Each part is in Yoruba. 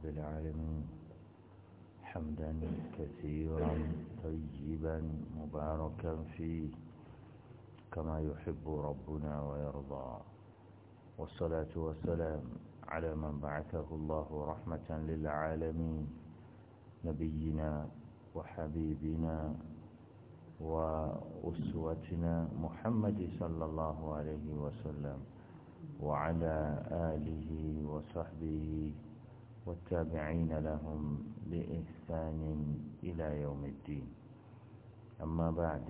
رب العالمين حمدا كثيرا طيبا مباركا فيه كما يحب ربنا ويرضى والصلاة والسلام على من بعثه الله رحمة للعالمين نبينا وحبيبنا وأسوتنا محمد صلى الله عليه وسلم وعلى آله وصحبه والتابعين لهم بإحسان إلى يوم الدين أما بعد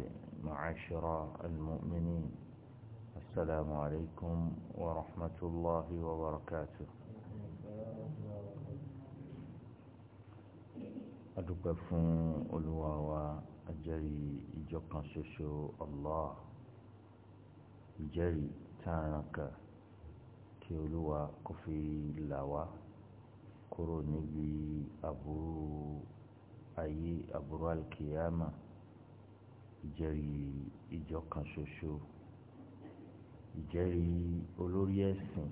معاشر المؤمنين السلام عليكم ورحمة الله وبركاته adúpẹ́ fún أجري wa ajẹ́rìí الله جري تانك allah كفي tààràn kúrò níbi aburú ayé aburú alkiyama ìjẹ́rìí ìjọ kan ṣoṣo ìjẹ́rìí olórí ẹ̀sìn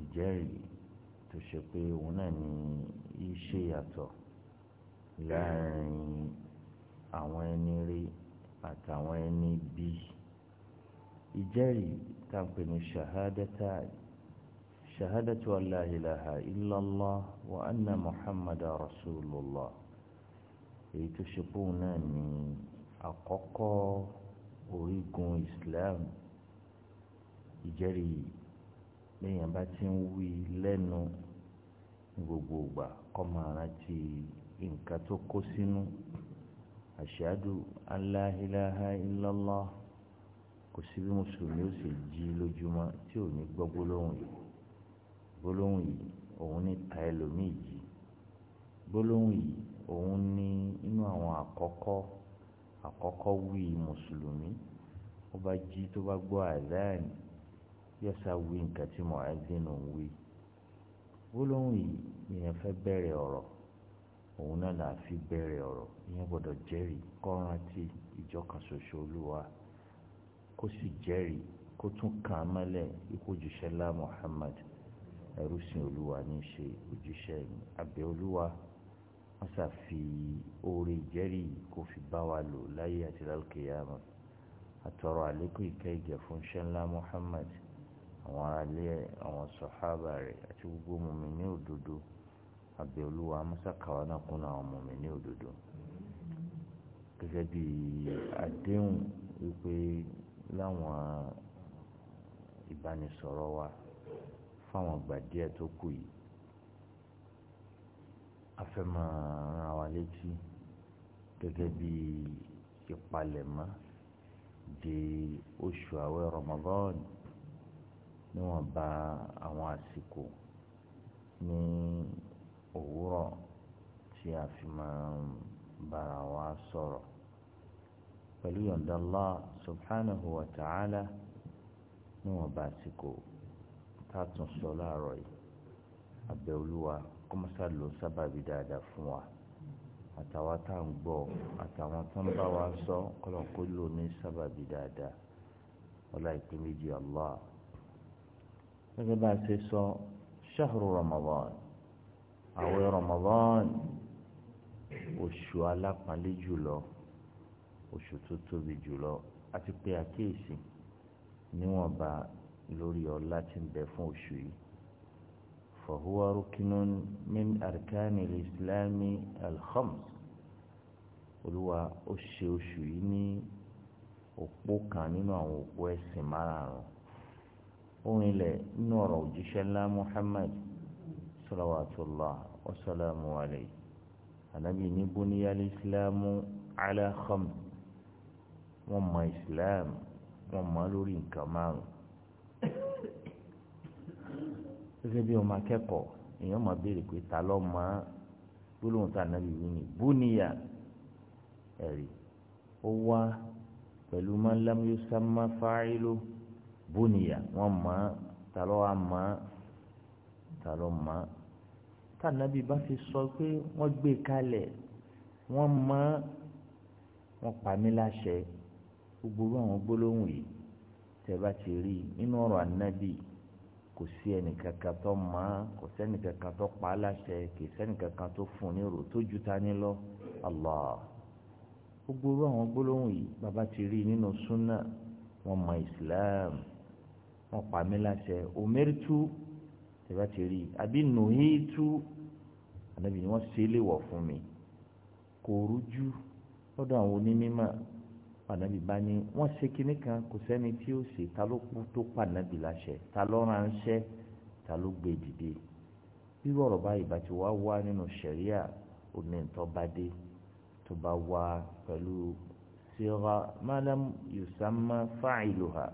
ìjẹ́rìí tó ṣe pé òun náà ni í ṣe yàtọ̀ láàrin àwọn ẹni rí àtàwọn ẹni bí ìjẹ́rìí tá à ń pè ní ṣahádátà شهادة أن لا إله إلا الله وأن محمد رسول الله èyí tó ṣe pé òun náà ni àkọ́kọ́ orígun Islam ìjẹ́rìí lẹ́yìn bá ti ń wí lẹ́nu ní gbogbo ìgbà kó máa rántí nǹkan tó kó sínú àṣàdù an la kò sí bí mùsùlùmí ó sì jí lójúmọ́ tí ò ní gbọ́ gbólóhùn yìí gbólóhùn yìí òun ní ta ẹlòmíì jì gbólóhùn yìí òun ní inú àwọn àkọ́kọ́ àkọ́kọ́ wí mùsùlùmí ó bá jí tó bá gbọ́ àdáyàn yẹ́sà wí nǹkan tí mo àdínà ń wí gbólóhùn yìí ìyẹn fẹ́ bẹ̀rẹ̀ ọ̀rọ̀ òun náà là á fi bẹ̀rẹ̀ ọ̀rọ̀ ìyẹn gbọ́dọ̀ jẹ́rìí kó rántí ìjọ kan ṣoṣo olúwa kó sì jẹ́rìí kó tún kàn án mọ́lẹ̀ ikú jùṣẹ́lá Muhammad ẹrú sin olúwa ní ṣe òjíṣẹ́ mi àbẹ̀ olúwa wọ́n ṣàfi oore ìjẹ́rì kó fi bá wa lò láyé àti lálùkìyàmọ́ àtọ̀rọ̀ àlékún ìkẹ́ ìjẹ́ fún ṣẹ́ńlá Muhammad àwọn aráalé àwọn sọ̀hábà rẹ̀ àti gbogbo mùmínì òdodo àbẹ̀ olúwa mọ́sàkàwá náà kún àwọn mùmínì òdodo gẹ́gẹ́ bí àdéhùn wípé láwọn ìbánisọ̀rọ̀ wa fáwọn ìgbà díẹ̀ tó kù yìí a fẹ́ wa létí gẹ́gẹ́ bí ìpalẹ̀mọ́ di oṣù àwẹ̀ Ramadan níwọ̀n ba àwọn àsìkò ní òwúrọ̀ tí a fi máa ń bára wa sọ̀rọ̀ pẹ̀lú yọ̀ǹda Allah subhanahu wa ta'ala níwọ̀n ba àsìkò tá a tún sọ láàárọ̀ yìí abẹ́ olúwa kọ́mọ́sá ló sábàbí dáadáa fún wa àtàwọn tá à ń gbọ́ àtàwọn tó ń bá wa sọ kọ́lọ́kọ́ ló ní sábàbí dáadáa ọlá ìpín méjì allah gẹ́gẹ́ bá a ṣe sọ ṣahru ramadan àwẹ̀ ramadan oṣù alápàlẹ jùlọ oṣù tó tóbi jùlọ àti pé àkéèsì níwọ̀nba lórí ọlá tí ń bẹ fún oṣù yìí fahuwa rukunun min arkani islami alkhams olúwa ó ṣe oṣù yìí ní òpó kan nínú àwọn òpó ẹ̀sìn márààrún ohun ilẹ̀ nínú ọ̀rọ̀ òjíṣẹ́ ńlá muhammad salawatullah wasalaamu alayhi anabi ní buniyali islamu ala wọn mọ islam wọn mọ lórí nǹkan márùn gẹ́gẹ́ bí ọmọ akẹ́kọ̀ọ́ èèyàn máa béèrè pé ta ló mọ̀ gbólóhùn tá ànábì wí ni búnìyà ẹ̀rí ó wá pẹ̀lú man lam yusamma fa'ilu búnìyà wọ́n mọ̀ ta ló wá mọ̀ ta ló mọ̀ tá ànábì bá fi sọ pé wọ́n gbé kalẹ̀ wọ́n mọ̀ wọ́n pa mí láṣẹ gbogbo àwọn gbólóhùn yìí tẹ́ bá ti rí nínú ọ̀rọ̀ ànábì kò sí ẹnìkankan tó máa kò sẹ́nìkankan tó pa á láṣẹ kì í sẹ́nìkankan tó fún un ní rò tó ju ta ní lọ Allah gbogbo irú àwọn gbólóhùn yìí bàbá ti rí nínú súnà wọn mọ Islam wọn pa mí láṣẹ omeritu tẹ́ bá ti rí àbí nùhítu ànábì ni wọ́n ṣe é léwọ̀ fún mi kò rújú lọ́dọ̀ àwọn onímọ̀ pànàbì bá ní wọ́n ṣe kinní kan kò sẹ́ni tí ó ṣe ta ló kú tó pànàbì láṣẹ ta ló ránṣẹ́ ta ló gbé dìde irú ọ̀rọ̀ báyìí bá ti wá wá nínú ṣẹ̀ríà omi ìtọ́ bá dé tó bá wá pẹ̀lú síra malam yusamma fa'iluha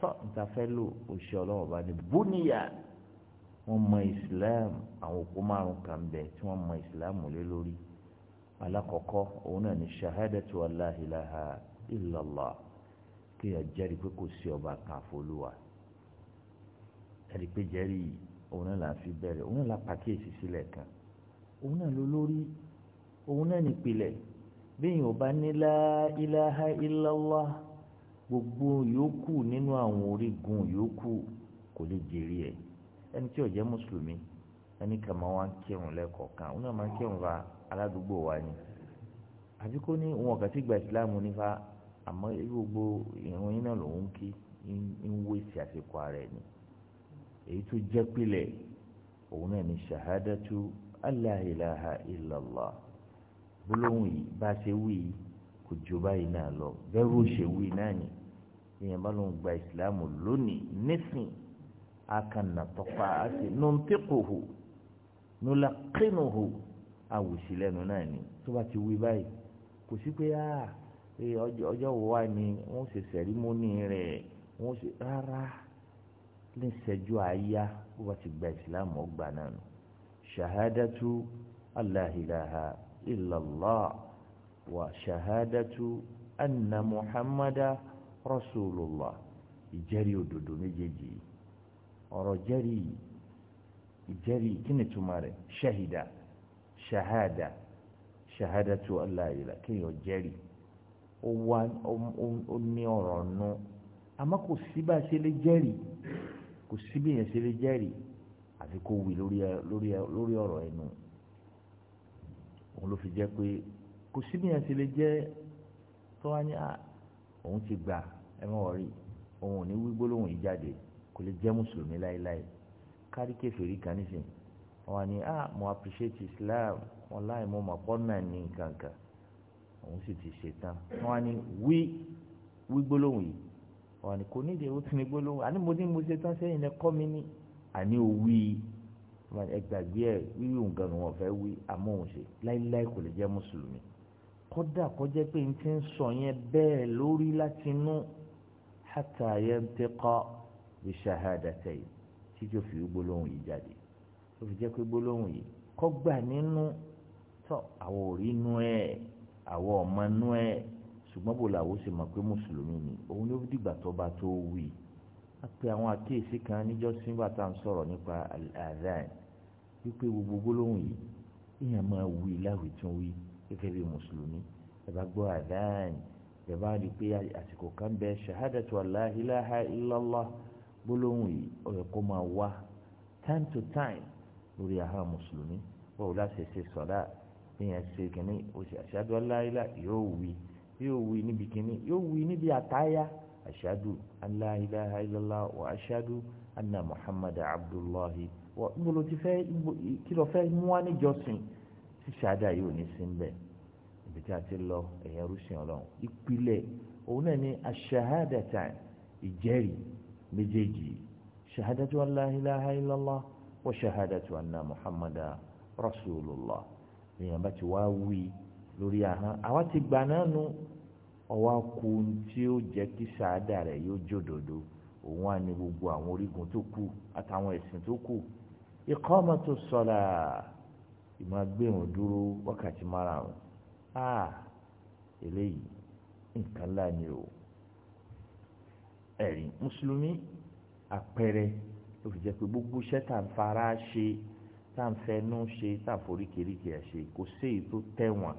tọ́ ntafẹ́ lò oṣù ọlọ́wọ́ bá ní bóníyà wọ́n mọ islam àwọn òkú márùn kan bẹ tí wọ́n mọ islam lé lórí alákọ̀ọ́kọ́ òun shahadatu allahi laha ìlọlọ kí ẹ jẹ́rìí pé kò sí ọba kan àfọlùwà ẹ̀rí pé jẹ́rìí òun náà là ń fi bẹ̀rẹ̀ òun náà là pàkíyèsí sílẹ̀ kan òun náà ló lórí òun náà nípìlẹ̀ bẹ́ẹ̀ ò bá ní la ilaha illallah gbogbo yòókù nínú àwọn orígun yòókù kò lè jèrè ẹ̀ ẹni tí ò jẹ́ mùsùlùmí ẹni kà máa ń kírun lẹ́kọ̀ọ̀kan òun náà máa ń kírun fa aládùúgbò wa ni àti ní òun ọ̀gá tí gba ìsìláàmù nífa àmọ́ gbogbo ìrun yín náà lòun kí ń wé sí àsìkò ara ẹ̀ ni èyí tó jẹ́ pìlẹ̀ òun náà ni ṣahadatu alla ilaha illallah gbólóhùn yìí bá ṣe wí yìí kò jù báyìí náà lọ bẹ́rù ṣe wí náà ni èèyàn bá lóun gba ìsìláàmù lónìí nísìn akànnà tọpa àti nùntẹ́kọ̀ọ́hù nùlàkínùhù àwòṣìlẹ́nu náà ni tó bá ti wí báyìí kò sí pé áà pé ọjọ́ wo wá ni wọ́n ṣe sẹ̀rímọ́nì rẹ̀ wọ́n ṣe rárá ní ìṣẹ́jú àáyá bó bá ti gba ìsìláàmù ọgbà náà nù ṣahadatu aláhìláha ìlàlá wa ṣahadatu anna muhammada rasulullah ìjẹ́rìí òdodo méjèèjì ọ̀rọ̀ jẹ́rìí ìjẹ́rìí kí ni túmọ̀ rẹ̀ ṣahida ṣahada ṣahadatu aláhìláha kéèyàn jẹ́rìí ó wá ó ní ọ̀rọ̀ nu àmọ́ kò sí bá a ṣe lè jẹ́rìí kò sí bí yẹn ṣe lè jẹ́rìí àfi kó wí lórí lórí lórí ọ̀rọ̀ ẹnu òun ló fi jẹ́ pé kò sí yẹn ṣe lè jẹ́ tó wá ní à òun ti gbà ẹ mọ̀ rí òun ò ní wí gbólóhùn yìí jáde kò lè jẹ́ mùsùlùmí láéláé kárí kẹfìrí kan nísìnyí wọn ni à mo appreciate Islam wọn láì mo mọ̀ pọ́n ní nǹkan òun sì ti ṣetán wọn ni wí wí gbólóhùn yìí wọn ni kò nídìí ewu tún ní gbólóhùn àní mo ní mo ṣetán sẹ́yìn lẹ kọ́ mi ní àní òwì ẹgbàgbé ẹ wíwí nǹkan ni wọn fẹ́ wí àmọ́ òun ṣe láíláí kò lè jẹ́ mùsùlùmí kódà kó pé n ti ń sọ yẹn bẹ́ẹ̀ lórí láti inú hàtà yẹn ti kọ́ bí ṣahadàtẹ̀ yìí tí tó fi gbólóhùn yìí jáde tó fi jẹ́ pé gbólóhùn yìí kọ́ nínú tọ́ àwọn òrí inú ẹ̀ àwọn ọmọ inú ẹ ṣùgbọ́n bò làwọn ṣe mọ̀ pé mùsùlùmí ni òun ló dìgbà tó bá tó wí a pe àwọn àkíyèsí kan níjọ́ sígbà tá à ń sọ̀rọ̀ nípa àdáyìn wípé gbogbo gbólóhùn yìí èèyàn máa wí láwùí tún wí gẹ́gẹ́ bí mùsùlùmí ẹ bá gbọ́ àdáyìn ẹ bá rí i pé àsìkò kan bẹ ṣahadatu Allah ilaha illallah gbólóhùn yìí ó yẹ kó máa wá time to time lórí àhá mùsùlùmí báwo láti ṣe sọ̀dá èèyàn ṣe kìnní oṣù àṣàdù aláìlá yóò wí yóò wí níbi kìnní yóò wí níbi àtáyà àṣàdù aláìlá ilàlá wà àṣàdù anna muhammad abdullahi wà gbolo ti fẹ́ kìlọ̀ fẹ́ mú wá níjọsìn tí ṣáadà yóò ní sí bẹ́ẹ̀ ibi tí a ti lọ èèyàn rúṣin ọlọ́run ìpìlẹ̀ òun náà ni àṣàhádàtà ìjẹ́rìí méjèèjì ṣàhádàtù aláìlá ilàlá wà ṣàhádàtù anna muhammad rasulullah èèyàn bá ti wá wí lórí ahọ́n àwa ti gbà náà nu ọwọ́ kù tí ó jẹ́ kí sàádà rẹ̀ yóò jòdòdó òun á ní gbogbo àwọn orígun tó kù àtàwọn ẹ̀sìn tó kù iqamatu sala ìmọ̀ agbẹ́hùn dúró wákàtí márùn-ún a ah, eléyìí nǹkan ńlá o ẹ̀rí mùsùlùmí àpẹẹrẹ ló fi jẹ́ pé gbogbo iṣẹ́ ń fara ṣe tá à ń fẹnu ṣe tá à foríkèéríkèé ẹ̀ ṣe kò séyìí tó tẹ̀wọ̀n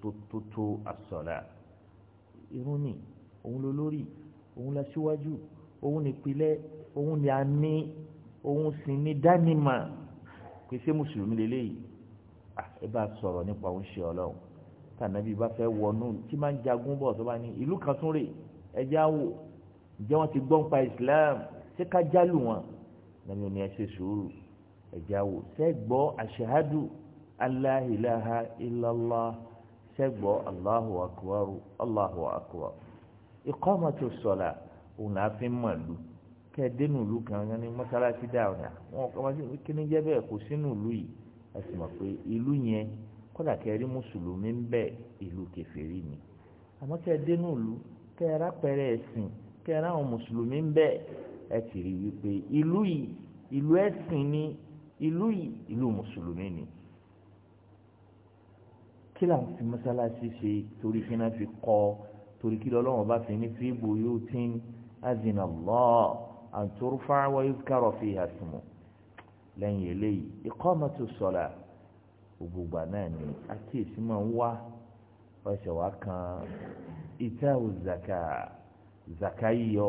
tó tó àsọ̀là irun ni òun ló lórí òun la síwájú òun nípìlẹ̀ òun ni a ní òun sì ní dánimà pé ṣé mùsùlùmí lélẹ́yìí ẹ bá sọ̀rọ̀ nípa òun ṣe ọlọ́run tànàbí bá fẹ́ wọnú tí máa ń jagun bọ̀ tó bá ní ìlú kan tún rè ẹjẹ́ àwò ǹjẹ́ wọ́n ti gbọ́ nípa Islam ṣé ká jálù wọn lẹ́nu ni ẹ ṣe sùúrù ẹ̀já wò sẹ́gbọ́ àṣehádù aláhìláha ilàlá sẹ́gbọ́ aláhu akọ̀wárù aláhu akọ̀wárù ìkọ́mọ̀tò sọ̀la òun là fi mọ̀ lù kan ní mọ́sálásí dáhùn náà wọn kọ́ kí ni jẹ́ bẹ́ẹ̀ kó sínú ìlú yìí a sì mọ̀ pé ìlú yẹn kọ́dà kẹrí mùsùlùmí ń bẹ ìlú ni àmọ́ kẹ́ẹ̀dẹ́nu ìlú kẹ́ẹ̀rá pẹ̀rẹ̀ ẹ̀sìn kẹ́ẹ̀rá àwọn mùsùlùmí ń rí wípé ìlú yìí ìlú mùsùlùmí ni kí làwọn fi mọ́sálásí ṣe torí kí náà fi kọ́ torí kí lọ́lọ́wọ́n bá fi ní fi buyutin azina Allah an turfa wa yuzkara fiha ismu lẹ́yìn eléyìí iqamatu sọ̀la gbogbo náà ni àkíyèsí máa ń wá ọ̀ṣẹ̀ wá kan ìtàwù zaka zaka yíyọ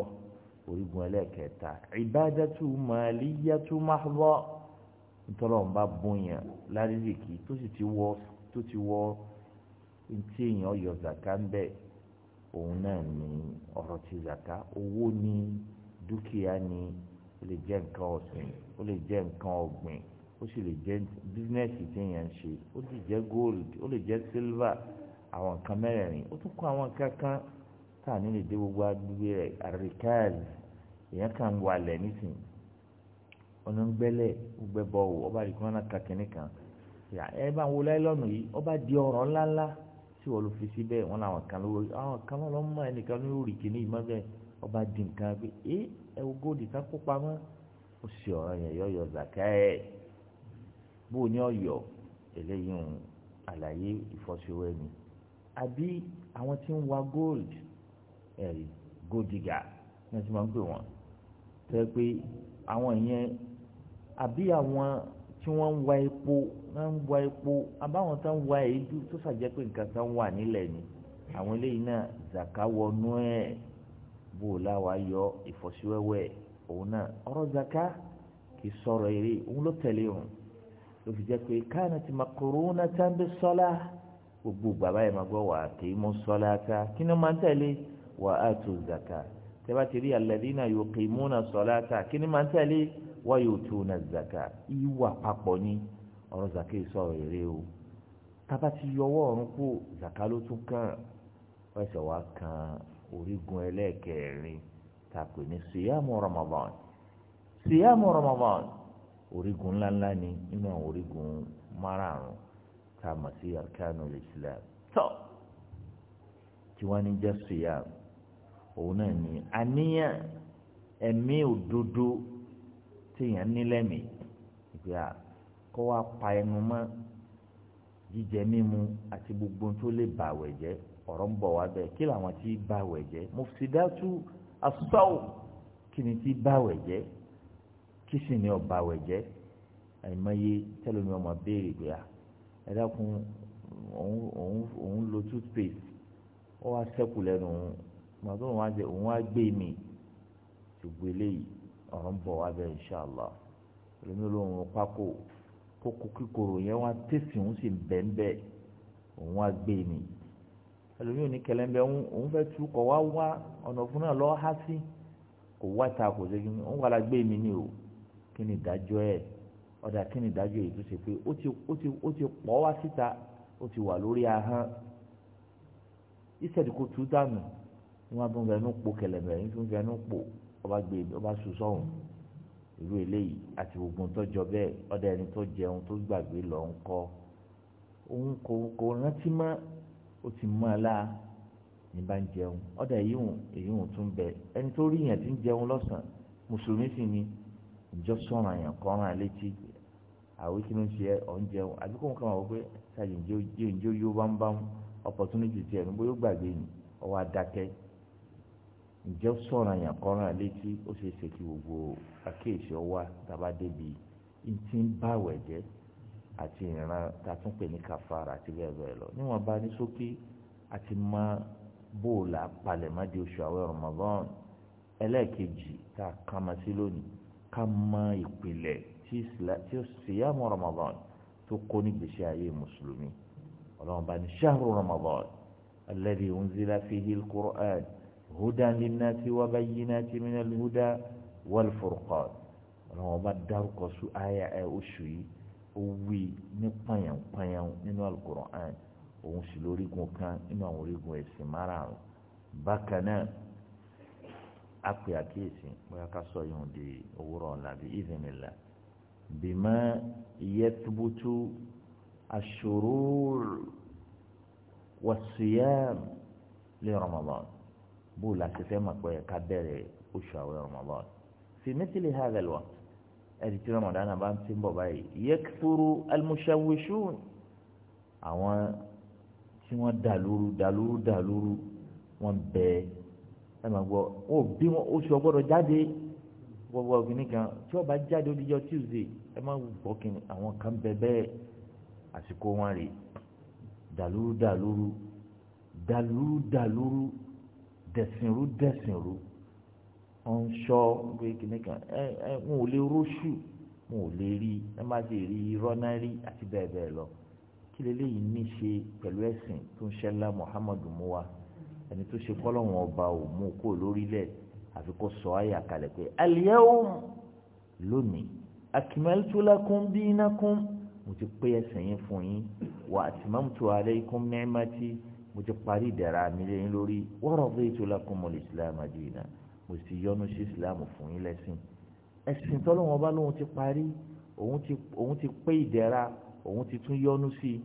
orígun ẹlẹ́kẹta ìbádàtú màlíyàtú mahdha nítorí ọ̀n bá bóyá lárírìkì tó sì ti wọ́ tó ti wọ́ tí èèyàn yọ zaka ń bẹ̀ òun náà ní ọ̀rọ̀ ti zaka owó ní dúkìá ní ó lè jẹ́ nǹkan ọ̀sìn ó lè jẹ́ nǹkan ọ̀gbìn ó sì lè jẹ́ bísínẹ́sì tí èèyàn ń ṣe ó lè jẹ́ gold ó lè jẹ́ silver àwọn nǹkan mẹ́rẹ̀ẹ̀rin ó tún kọ́ àwọn nǹkan tá a ní lè dé gbogbo àdúgbò rẹ̀ àríkáàlì èèyàn kan wà lẹ̀ nísìnyí ọ̀nà ń gbẹ́lẹ̀ gbẹ́bọ̀ wò ọba àdìgún náà ka kínní kan ẹ bá wo láìlọ́nù yìí ọba di ọ̀rọ̀ ńláńlá tí wọ́n lọ fi síbẹ̀ wọn làwọn kan lórí àwọn kan lọ́ mọ́ ẹnìkan lórí kínní yìí má bẹ́ẹ̀ ọba di nǹkan pé ẹ ẹ wo góòdì ká kó pamọ́ ó sì ọ̀rọ̀ yẹn yọ yọ zàkà ẹ̀ bó o ní ọ̀yọ́ eléyìí ń àlàyé ìfọ́síwẹ́ ni àbí àwọn tí ń wa gold ẹ̀rí gold digger ní wọ́n ti máa ń pè wọ́n tẹ́ pé àwọn ìyẹn àbí àwọn tí wọ́n ń wa epo wọ́n ń wa epo àbáwọn tó ń wa èédú tó ṣàjẹ́ pé nǹkan kan wà nílẹ̀ ni àwọn eléyìí náà zaka wọnú ẹ̀ bó o láwa yọ ìfọ̀síwẹ́wẹ́ òun náà ọ̀rọ̀ zaka kì í sọ̀rọ̀ eré òun ló tẹ̀lé òun ló fi jẹ́ pé kanat maqrunatan bis-salah gbogbo bàbá yẹn máa gbọ́ wà kì í mú sọ́lá ta kí ni máa ń tẹ̀lé wà á tó zaka tẹ́ bá ti rí alladhina yuqimuna salata kí ni máa ń tẹ̀lé wa yutuna zaka ìwà papọ̀ ni ọ̀rọ̀ zaka yìí sọ̀rọ̀ èrè o tába ti yọwọ́ ọ̀run kú zaka ló tún kàn ẹsẹ̀ wa kan orígun ẹlẹ́ẹ̀kẹrin tá ní siyamu ramadan siyamu ramadan orígun ńláńlá ni nínú àwọn orígun márààrún tá a mọ̀ sí arkanul islam tó tí wọ́n ní jẹ́ siyam òun náà ni àníyàn ẹ̀mí òdodo téèyàn nílẹ̀mí ìgbà kó wá pa ẹnu mọ́ jíjẹ mímu àti gbogbo tó lè bà wẹ̀ jẹ́ ọ̀rọ̀ ń bọ̀ wá bẹ́ẹ̀ kí làwọn tí bà wẹ̀ jẹ́ mufsidatu asúbáwò kí ni tí bà wẹ̀ jẹ́ kí sì ni ọ̀bà wẹ̀ jẹ́ àìmọye tẹ́lẹ̀ mi ọmọ béèrè pé à ẹ dákun òun òun òun lo toothpaste ó wá sẹ́kù lẹ́nu òun màtó òun wá gbé mi ṣùgbọ́n eléyìí ọ̀rọ̀ ń bọ̀ wá bẹ́ẹ̀ inṣàlá ẹlòmíì lòun pákó kókó kíkorò yẹn wá tẹ̀sí òun sì bẹ́ẹ̀ òun wá gbé ni ẹlòmíì ní kẹlẹ́mbẹ́ òun fẹ́ tú kọ́ wá wá ọ̀nà fún náà lọ́ọ́ há sí kò wá ta kò ṣe kí ni òun wà gbé mi ni o kí ni ìdájọ́ ẹ̀ ọ̀dà kí ni ìdájọ́ èyí tó ṣe pé ó ti ó ti ó ti pọ̀ wá síta ó ti wà lórí ahọ́n ìṣẹ̀dùkú tú dànù ni bá ń fẹnu po kẹlẹ̀mbẹ̀ yìí tó ń fẹnu po ọba gbé ọba sùn sọ́hùn irú eléyìí àti ogun tó jọ bẹ́ẹ̀ ọ̀dọ̀ ẹni tó jẹun tó gbàgbé lọ ń kọ́ òun kò kò rántí mọ́ ó ti mọ́ ẹ láà ní bá ń jẹun ọ̀dọ̀ èyíhùn èyíhùn tún bẹ ẹni tó rí yẹn ti ń jẹun lọ́sàn mùsùlùmí sì ni ìjọ sọ̀rọ̀ àyàn kan rán létí àwọn kí ló ń ṣe ọ̀ ń jẹun àbí kò ń kàn wọ́n pé ṣáàjì ń jẹ́ yóò bá ń bá opportunity ǹjẹ́ ó sọ̀rọ̀ àyàn kan rán létí ó ṣe é ṣe kí gbogbo àkéèsí ọwá tàbá débi ìtì ń bá àwẹ̀ jẹ́ àti ìran tàtúnpè ní kàfàrà àti bẹ́ẹ̀ bẹ́ẹ̀ lọ níwọ̀n bá ní sókè àti mọ bóòlà palẹ̀mọ́dé oṣù àwẹ̀ Ramadan ẹlẹ́ẹ̀kejì tá a kà mọ́ sí lónìí ká mọ ìpìlẹ̀ tí ó ṣìyàmù Ramadan tó kó ní gbèsè ayé mùsùlùmí ọlọ́run bá ní shahru Ramadan alladhi unzila fihil Qur'an. هدى للناس وبينات من الهدى والفرقان ọlọ́wọ́n bá dárúkọ sún àyà ẹ oṣù yìí ó wí ní pàyànpàyàn nínú alukur'an òun sì lórígun kan nínú àwọn orígun ẹ̀sìn márààrún bákan náà a pè àkíyèsí bóyá ká sọ yóò di òwúrọ̀ ọ̀la bí ìdìnnìlá bima yẹtubutu ashurur wasiyam li Ramadan bó o la ṣe fẹ́ mọ̀ pé ká bẹ̀rẹ̀ oṣù àwẹ̀ Ramadan fi mithli hadha al-waqt ẹ̀rí tí Ramadan bá ń ti ń bọ̀ báyìí yakthuru al-mushawwishun àwọn tí wọ́n dàlúrú dàlúrú dàlúrú wọ́n bẹ ẹ máa gbọ́ ó bí wọn oṣù ọgbọ́dọ̀ jáde gbogbo ọ̀gbìnì kan tí wọ́n bá jáde ó dijọ́ ẹ máa gbọ́ kí àwọn kan bẹ bẹ́ẹ̀ àsìkò wọn rè dàlúrú dàlúrú dàlúrú dàlúrú dẹ̀sìnrú dẹ̀sìnrú ọ̀ ń ṣọ́ pé kìnnìkan ẹ ẹ n ò lè róṣù n ò lè rí ẹ má ṣe rí irọ́ náà rí àti bẹ́ẹ̀ bẹ́ẹ̀ lọ kí leléyìí ní ṣe pẹ̀lú ẹ̀sìn tó ń ṣẹlá Muhammadu muwa ẹni tó ṣe kọ́lọ́hún ọba ò mú kó lórílẹ̀ àfi kó sọ àyà kalẹ̀ pé al-yawm lónìí akmaltu lakum dinakum mo ti pé ẹ̀sìn yín fún yín wa atmamtu alaykum ni'mati mo ti parí ìdẹ̀ra mi lé yín lórí wa raditu lakumul islama dina mo sì yọ́nú sí ìsìláàmù fún yín lẹ́sìn ẹ̀sìn tọ́lọ́wọ́n bá lóun ti parí òun ti òun pé ìdẹ̀ra òun ti tún yọ́nú sí i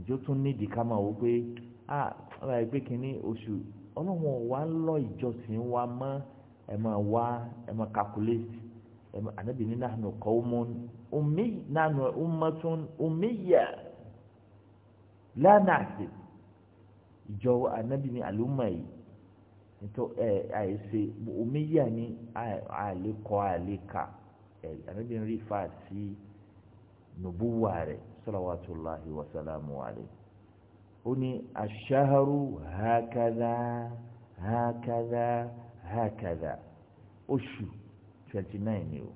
ìjọ tún nídìí ká máa wò pé a ọ̀rọ̀ ẹ̀ pé kínní oṣù ọlọ́wọ́n wa ń lọ ìjọsìn wa mọ́ ẹ máa wá ẹ máa calculate ẹ máa ànábì ní nahnu qawmun ummi nahnu ummatun ummiyya la nahsib ìjọ anabi ní àlùmọ̀ yìí nítọ́ ẹ àìsè omeyià ní àlékọ́ àlékà ẹ anabi ń rí fa sí nubuwa rẹ̀ salawatullahi wa salamu alayhi ó ní aṣáharu hakadha hakadha hakadha oṣù twenty nine ni o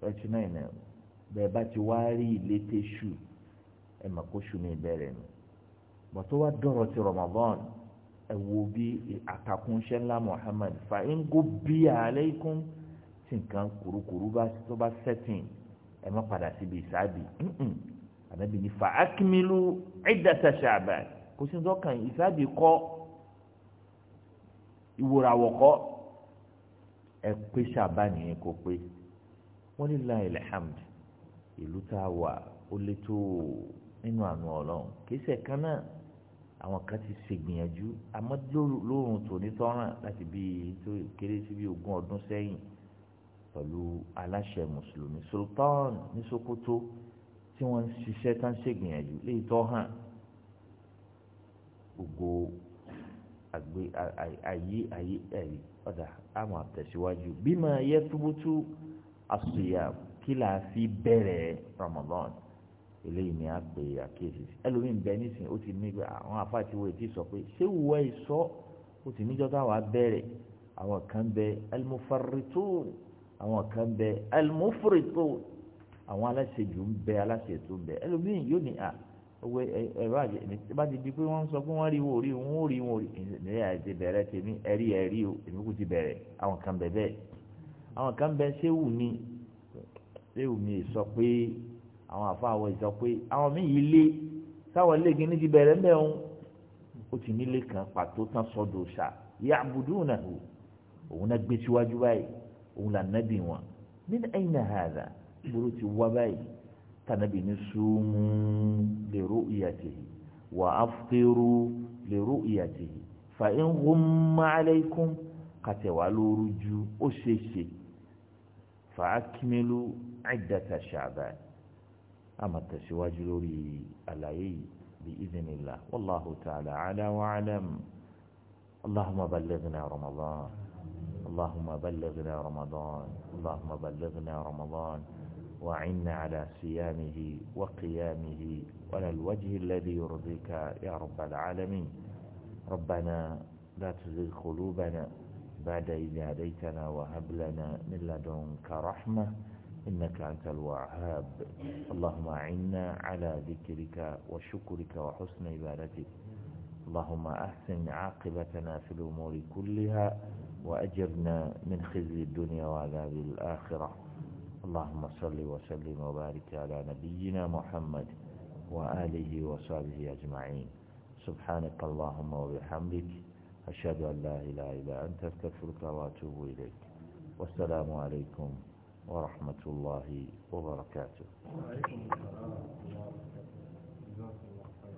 twenty nine bẹ́ẹ̀ bá ti wá rí ìlétẹ́ṣù ẹ̀ mà kó ṣù mí bẹ̀rẹ̀ ni bàtọ́ wa dọ̀rọ̀ ti Ramadan ẹ wo bí àtàkùn sẹ́lá Muhammad fa ingó bí aleikum tí nǹkan kurukuru bá tó bá sẹ́tìn ẹ má padà síbi ìsáàbì ànábì ní fa akimilu iddata Sha'ban kò sí nǹkan kan ìsáàbì kọ́ ìwòràwọ̀ kọ́ ẹ pé Sha'ban yẹn kò pé wọ́n ní láì lẹ́hàmdì ìlú tá a wà ó lé tó nínú àánú ọlọ́run kì ṣe kan náà àwọn kan ti ṣègbìyànjú àmọ́ lóòrùn tòní tọ́ràn láti bí tó kéré sí bí ogún ọdún sẹ́yìn pẹ̀lú aláṣẹ mùsùlùmí sultan ní Sokoto tí wọ́n ń ṣiṣẹ́ tán ṣègbìyànjú léyìí tó hàn gbogbo àgbé àyè àyè ẹ̀rí ọ̀dà àmọ́ àtẹ̀síwájú bímọ ayé túbútú àṣùyà kí la fi bẹ̀rẹ̀ Ramadan eléyìí ni a pè àkíyèsí ẹlòmíín bẹ nísìnyí ó ti ní àwọn afáàtiwò ètí sọ pé ṣé wùwẹ́ ìsọ ó ti níjọ́ táwa bẹ̀rẹ̀ àwọn kan bẹ alimufarito àwọn kan bẹ alimufurito àwọn aláṣejù ń bẹ aláṣetò ń bẹ ẹlòmíín yóò ní à owó ẹ bá jẹ ẹ bá ti di pé wọ́n sọ pé wọ́n rí wọn rí wọn rí wọn rí ní ẹ ti bẹ̀rẹ̀ tèmi ẹrí ẹrí o èmi kò ti bẹ̀rẹ̀ àwọn kan bẹ bẹ́ẹ̀ àwọn kan bẹ ṣéwù ni ṣéwù mi sọ pé àwọn àfa àwọn ìjọ pé àwọn míì yìí lé sáwọn ilé gíní ti bẹ̀rẹ̀ mbẹ́ òun ó ti nílé kan pàtó tán sọ́dọ̀ ṣá yà àbùdù náà òun náà gbé síwájú báyìí òun là nábì wọn nínú ẹ̀yìn náà hàdà gbòòrò ti wá báyìí tànàbì ní súnmù lèrò ìyàtì wà á lèrò ìyàtì fa in ghumma lóru ju ó ṣeéṣe fa akmilu iddata أما tẹ̀síwájú لوري ألاي بإذن الله والله تعالى على وعلم اللهم بلغنا رمضان اللهم بلغنا رمضان اللهم بلغنا رمضان وعنا على صيامه وقيامه وعلى الوجه الذي يرضيك يا رب العالمين ربنا لا تزغ قلوبنا بعد إذ هديتنا وهب لنا من لدنك رحمة إنك أنت الوهاب اللهم أعنا على ذكرك وشكرك وحسن عبادتك اللهم أحسن عاقبتنا في الأمور كلها وأجرنا من خزي الدنيا وعذاب الآخرة اللهم صل وسلم وبارك على نبينا محمد وآله وصحبه أجمعين سبحانك اللهم وبحمدك أشهد أن لا إله إلا أنت استغفرك وأتوب إليك والسلام عليكم ورحمة الله وبركاته